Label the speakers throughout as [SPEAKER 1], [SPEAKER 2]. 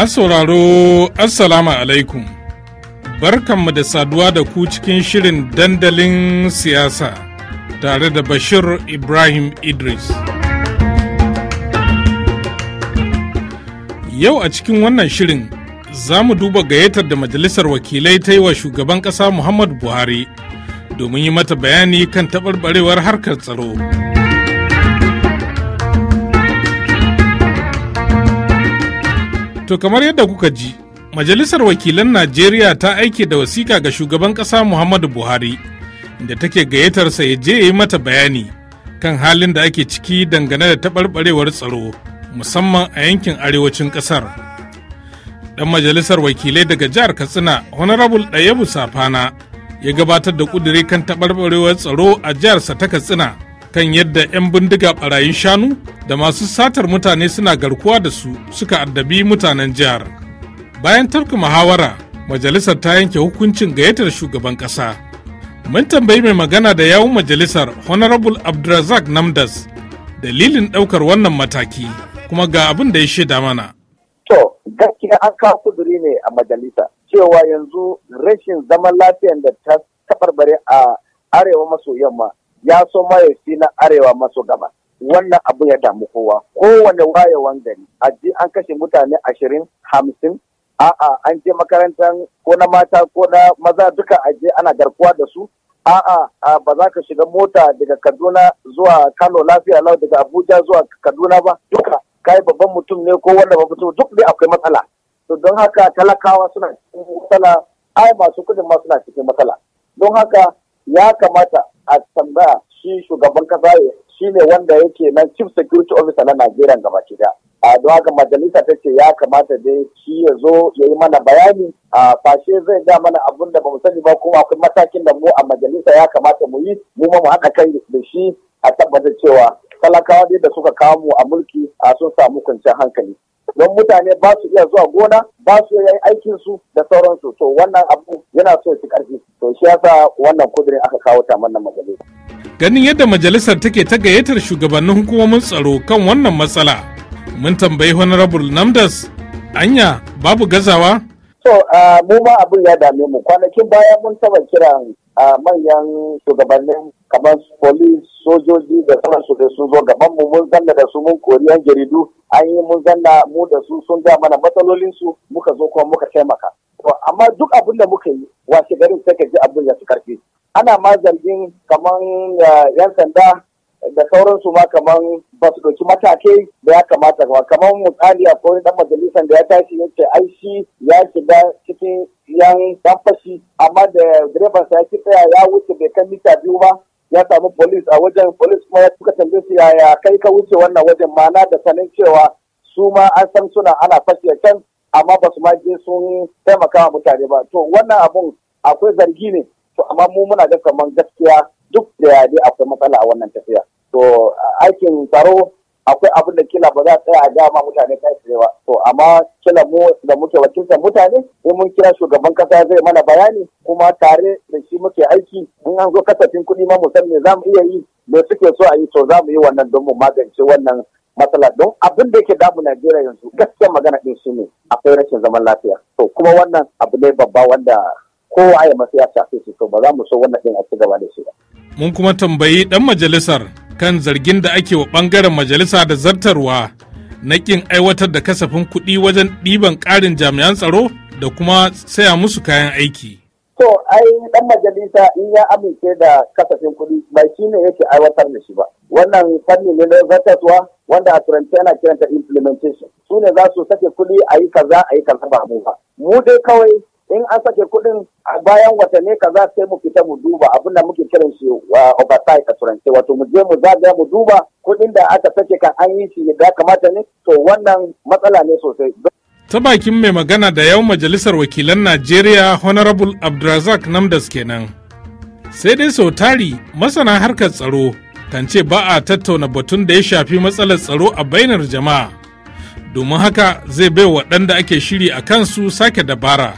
[SPEAKER 1] Masu sauraro Assalamu alaikum. Barkanmu da saduwa da ku cikin shirin dandalin siyasa tare da Bashir Ibrahim Idris. Yau a cikin wannan shirin za mu duba gayyatar da Majalisar Wakilai ta yi wa shugaban ƙasa Muhammadu Buhari domin yi mata bayani kan taɓarɓarewar harkar tsaro. To kamar yadda kuka ji, Majalisar Wakilan Najeriya ta aike da wasiƙa ga shugaban ƙasa Muhammadu Buhari, da take gayyatarsa ya je ya yi mata bayani kan halin da ake ciki dangane da taɓarɓarewar tsaro, musamman a yankin arewacin ƙasar. Ɗan majalisar wakilai daga jihar Katsina, Honorable Ɗayabu Safana, ya gabatar da ƙudiri kan taɓarɓarewar tsaro a jiharsa ta Katsina. kan yadda 'yan bindiga barayin shanu da masu satar mutane suna garkuwa da su suka addabi mutanen jihar bayan tafka muhawara majalisar ta yanke hukuncin gayyatar shugaban ƙasa mun tambayi mai magana da yawun majalisar honorable abdulrazak namdas dalilin ɗaukar wannan mataki kuma ga abin da ya shaida mana
[SPEAKER 2] to gaskiya an kawo kuduri ne a majalisa cewa yanzu rashin zaman lafiyar da ta tabarbare a arewa maso yamma ya so mayafi na arewa maso gaba. wannan abu ya damu kowa kowane wayewan gari a ji an kashe mutane ashirin hamsin a'a an je makarantar ko na mata ko na maza duka a je ana garkuwa da su a'a ba za ka shiga mota daga kaduna zuwa kano lafiya lau daga abuja zuwa kaduna ba duka kai babban mutum ne ko wanda babban mutum duk dai akwai matsala to don haka talakawa suna cikin matsala ai masu kudin ma suna cikin matsala don haka ya kamata a tambaya shi shugaban kasa shi ne wanda yake nan chief security officer na Najeriya gaba ki da a don haka majalisa ta ce ya kamata dai shi ya zo ya yi mana bayani a fashe zai ga mana abun da bamu sani ba kuma akwai matakin da mu a majalisa ya kamata mu yi mu ma mu haɗa kai da shi a tabbatar cewa talakawa dai da suka kawo mu a mulki a sun samu kwanciyar hankali don mutane ba su iya zuwa gona ba su iya aikin su da sauransu to wannan abu yana so su karfi to shi yasa wannan kudirin aka kawo ta wannan
[SPEAKER 1] majalisa ganin yadda majalisar take ta gayyatar shugabannin hukumomin tsaro kan wannan matsala mun tambayi honorable namdas anya babu gazawa so
[SPEAKER 2] ah, mu ma abin ya dame mu kwanakin baya mun taba kiran a manyan shugabannin kamar police sojoji da sauransu da sun zo gaban mu mun zanna da su mun kori yan jaridu an yi mun zanna mu da su sun ga mana matsalolin su muka zo kuma muka taimaka amma duk abin da muka yi washe garin sai ka ji abin ya fi karfi ana ma zargin kamar yan sanda da sauransu ma kamar ba su ɗauki matakai da ya kamata kamar misali akwai dan majalisar da ya tashi ya ce ai shi ya shiga cikin yan dan fashi amma da direban sa ya ki tsaya ya wuce bai kan mita biyu ba ya samu polis a wajen polis kuma ya suka tambaye su yaya kai ka wuce wannan wajen mana da sanin cewa su ma an san suna ana fashi can amma ba su ma je sun taimaka mutane ba to wannan abun akwai zargi ne to amma mu muna ga kaman gaskiya duk da ya akwai matsala a wannan tafiya to aikin tsaro akwai abin da kila ba za a tsaya a gaya ma mutane kai tsaye ba to amma kila mu da muke wakiltar mutane in mun kira shugaban kasa zai mana bayani kuma tare da shi muke aiki in an zo kasafin kuɗi ma mu san me za mu iya yi me suke so a yi to za mu yi wannan don mu magance wannan matsala don abin da yake damu Najeriya yanzu gaskiyar magana ɗin shi ne akwai rashin zaman lafiya to kuma wannan abu ne babba wanda kowa ya masu ya shafe shi to ba za mu so wannan ɗin a ci gaba da shi ba.
[SPEAKER 1] Mun kuma tambayi ɗan majalisar kan zargin da ake wa bangaren majalisa da zartarwa na kin aiwatar da kasafin kuɗi wajen ɗiban ƙarin jami'an tsaro da kuma saya musu kayan aiki.
[SPEAKER 2] To, ai ɗan majalisa in ya amince da kasafin kuɗi ba shi ne yake aiwatar da shi ba. Wannan fanni ne na zartaswa wanda a turanci yana kiranta implementation. Su ne za su sake kuɗi a yi kaza a yi kaza ba mu ba. Mu dai kawai in an sake kuɗin a bayan watanni kaza sai mu fita mu duba abin da muke kiran shi oversight a turance wato mu je mu zagaya mu duba kuɗin da aka sake kan an yi shi da kamata ne to wannan matsala ne sosai.
[SPEAKER 1] Ta bakin mai magana da yau majalisar wakilan Najeriya Honorable Abdulrazak Namdas kenan. Sai dai sau tari masana harkar tsaro kan ce ba a tattauna batun da ya shafi matsalar tsaro a bainar jama'a. Domin haka zai bai waɗanda ake shiri a kansu sake dabara.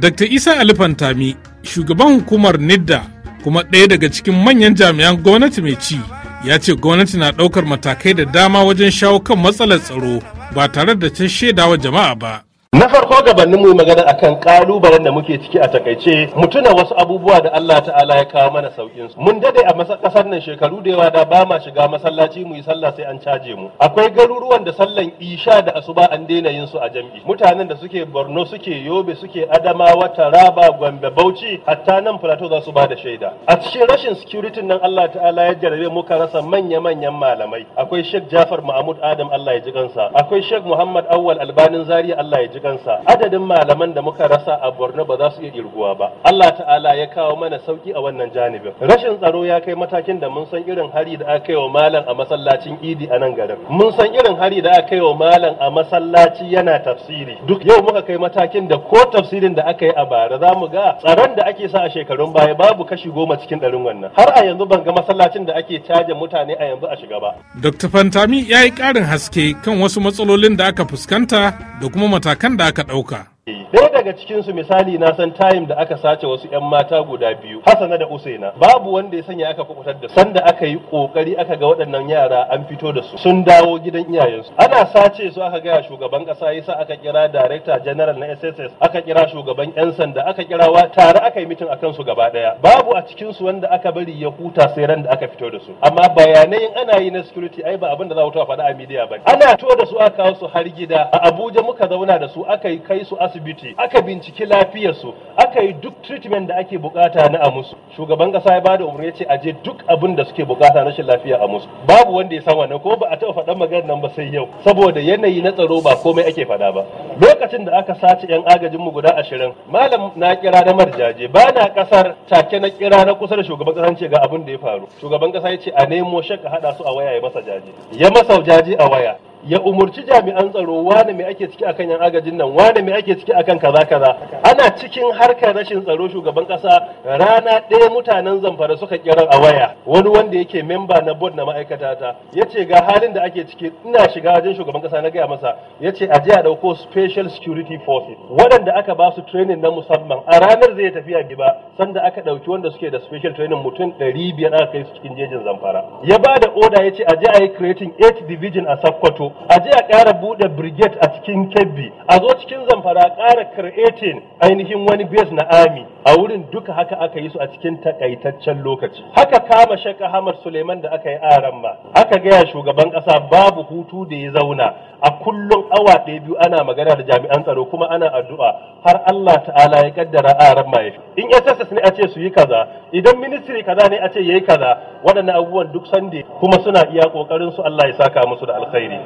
[SPEAKER 1] Dr. Isa Alifantami, shugaban hukumar NIDDA kuma ɗaya daga cikin manyan jami'an gwamnati mai ci, ya ce gwamnati na ɗaukar matakai da dama wajen shawo kan matsalar tsaro ba tare da ta shaidawa jama'a ba. na farko gabanin mu magana akan
[SPEAKER 3] kalubalen da muke ciki a takaice mutuna wasu abubuwa da Allah ta'ala ya kawo mana saukin su mun dade a kasar nan shekaru da yawa da ba ma shiga masallaci mu yi sallah sai an caje mu akwai garuruwan da sallan isha da asuba an daina yin su a jam'i mutanen da suke Borno suke Yobe suke Adamawa Taraba Gombe Bauchi hatta nan Plateau za su ba da shaida a cikin rashin security nan Allah ta'ala ya jarabe muka rasa manya manyan malamai akwai Sheikh Jafar Mahmud Adam Allah ya ji kansa akwai Sheikh Muhammad Awwal Albanin Zaria Allah ya ji kansa adadin malaman da muka rasa a Borno ba za su iya girguwa ba Allah ta'ala ya kawo mana sauki a wannan janibin rashin tsaro ya kai matakin da mun san irin hari da aka yi wa malam a masallacin Idi a nan garin mun san irin hari da aka yi wa malam a masallaci yana tafsiri duk yau muka kai matakin da ko tafsirin da aka yi a bara za mu ga tsaron da ake sa a shekarun baya babu kashi goma cikin ɗarin wannan har a yanzu ban ga masallacin da ake caje mutane a yanzu a shiga ba.
[SPEAKER 1] Dr. Fantami ya yi ƙarin haske kan wasu matsalolin da aka fuskanta da kuma matakan Kan da aka ɗauka
[SPEAKER 3] ɗaya daga cikin su misali na san tayim da aka sace wasu yan mata guda biyu Hassana da Usaina babu wanda ya sanya aka kubutar da sanda aka yi kokari aka ga waɗannan yara an fito da su sun dawo gidan iyayensu ana sace su aka gaya shugaban ƙasa yasa aka kira director general na SSS aka kira shugaban yan sanda aka kira wa tare aka yi mitin akan su gaba daya babu a cikin su wanda aka bari ya huta sai ran da aka fito da su amma bayanai ana yi na security ai ba abin da za a faɗa a media ba ana to da su aka kawo su har gida a Abuja muka zauna da su aka kai su asibiti aka binciki lafiyarsu aka yi duk treatment da ake bukata na a musu shugaban kasa ya bada umarni ce aje duk abin da suke bukata rashin lafiya a musu babu wanda ya san wannan ko ba a taɓa faɗan maganar nan ba sai yau saboda yanayi na tsaro ba komai ake faɗa ba lokacin da aka sace yan agajin mu guda ashirin malam na kira na marjaje ba na kasar take na kira na kusa da shugaban kasa ce ga abin da ya faru shugaban kasa ya ce a nemo shakka hada su a waya ya masa jaje ya masa jaje a waya ya umurci jami'an tsaro wane mai ake ciki akan yan agajin nan wane mai ake ciki akan kaza kaza ana cikin harkar rashin tsaro shugaban kasa rana ɗaya mutanen zamfara suka kira a waya wani wanda yake memba na board na ma'aikata ta yace ga halin da ake ciki ina shiga wajen shugaban kasa na gaya masa yace a je a dauko special security forces waɗanda aka ba su training na musamman a ranar zai tafiya giba sanda aka dauki wanda suke da special training mutum 500 aka kai su cikin jejin zamfara ya ba da oda yace a je a yi creating eight division a sakkwato a je a ƙara buɗe brigade a cikin kebbi a zo cikin zamfara ƙara creating ainihin wani base na army a wurin duka haka aka yi su a cikin takaitaccen lokaci haka kama shek hamar suleiman da aka yi aran ma aka gaya shugaban kasa babu hutu da ya zauna a kullum awa ɗaya biyu ana magana da jami'an tsaro kuma ana addu'a har Allah ta'ala ya kaddara aran ma in SSS ne a ce su yi kaza idan ministry kaza ne a ce ya yi kaza waɗannan abubuwan duk sande kuma suna iya kokarin su Allah ya saka musu da alkhairi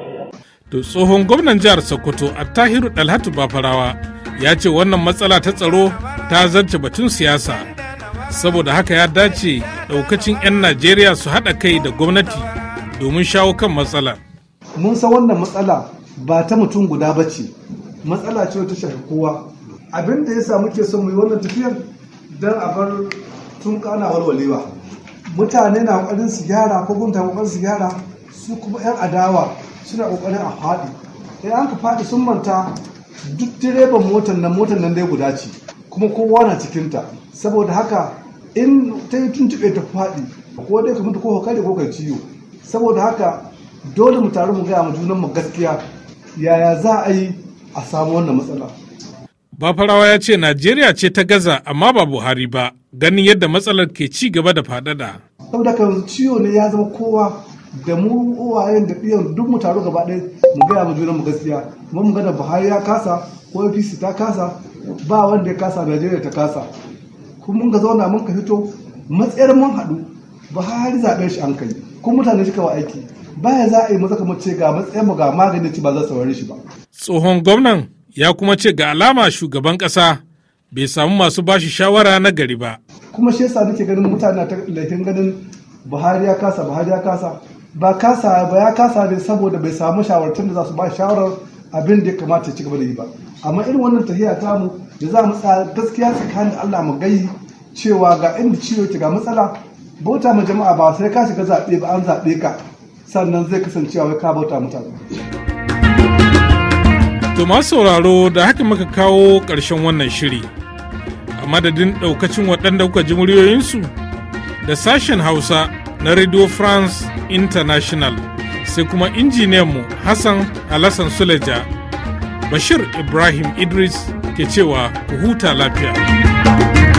[SPEAKER 1] to tsohon gwamnan jihar Sokoto Attahiru Dalhatu Bafarawa ya ce wannan matsala ta tsaro ta zarce batun siyasa saboda haka ya dace daukacin 'yan najeriya su haɗa kai da gwamnati domin shawo kan matsalar mun san wannan
[SPEAKER 4] matsala ba ta mutum guda ba ce matsala ce ta shafi kowa abin da ya samu ke son mu yi wannan tafiyar don a bar tun kana walwalewa mutane na kokarin su gyara ko gunta kokarin su gyara su kuma yan adawa suna kokarin a faɗi idan an ka faɗi sun manta duk direban motar nan motar nan dai guda ce kuma kowa na cikinta saboda haka in ta yi tuntube ta faɗi ko dai ka mutu ko ka kare ko ka ciwo saboda haka dole mu taru mu gaya mu junan mu gaskiya yaya za a yi a samu wannan matsala
[SPEAKER 1] Bafarawa ya ce Najeriya ce ta gaza amma ba Buhari ba ganin yadda matsalar ke ci gaba da fadada.
[SPEAKER 4] Saboda ka yanzu ciwo ne ya zama kowa da mu uwayen da ɗiyan duk mu taru gaba ɗaya mu gaya mu junan mu gaskiya kuma mu da Buhari ya kasa ko fisi ta kasa ba wanda ya kasa najeriya ta kasa kuma mun ga zauna mun ka fito matsayar mun haɗu buhari zaɓen shi an kai kuma mutane shi kawai aiki baya za a yi maza kamar ce ga matsayar mu ga
[SPEAKER 1] magani ci ba za su shi ba. tsohon gwamnan ya kuma ce ga alama shugaban ƙasa bai samu masu bashi shawara na gari ba.
[SPEAKER 4] kuma shi yasa nake ganin mutane ta laifin ganin buhari ya kasa buhari ya kasa ba kasa ba ya kasa ne saboda bai samu shawartun da za su ba shawarar abin da ya kamata ya ci gaba da yi ba amma irin wannan tahiya ta mu da za mu tsaya gaskiya tsakanin Allah mu gayi cewa ga inda ciwo ke ga matsala bauta ma jama'a ba sai ka shiga zaɓe ba an zaɓe ka sannan zai kasancewa wai ka bauta mutane.
[SPEAKER 1] To masu sauraro da haka muka kawo ƙarshen wannan shiri a madadin ɗaukacin waɗanda kuka ji muryoyinsu da sashen Hausa na Radio France International. sai kuma mu Hassan Alassan Suleja. Bashir Ibrahim Idris ke cewa ku huta lafiya.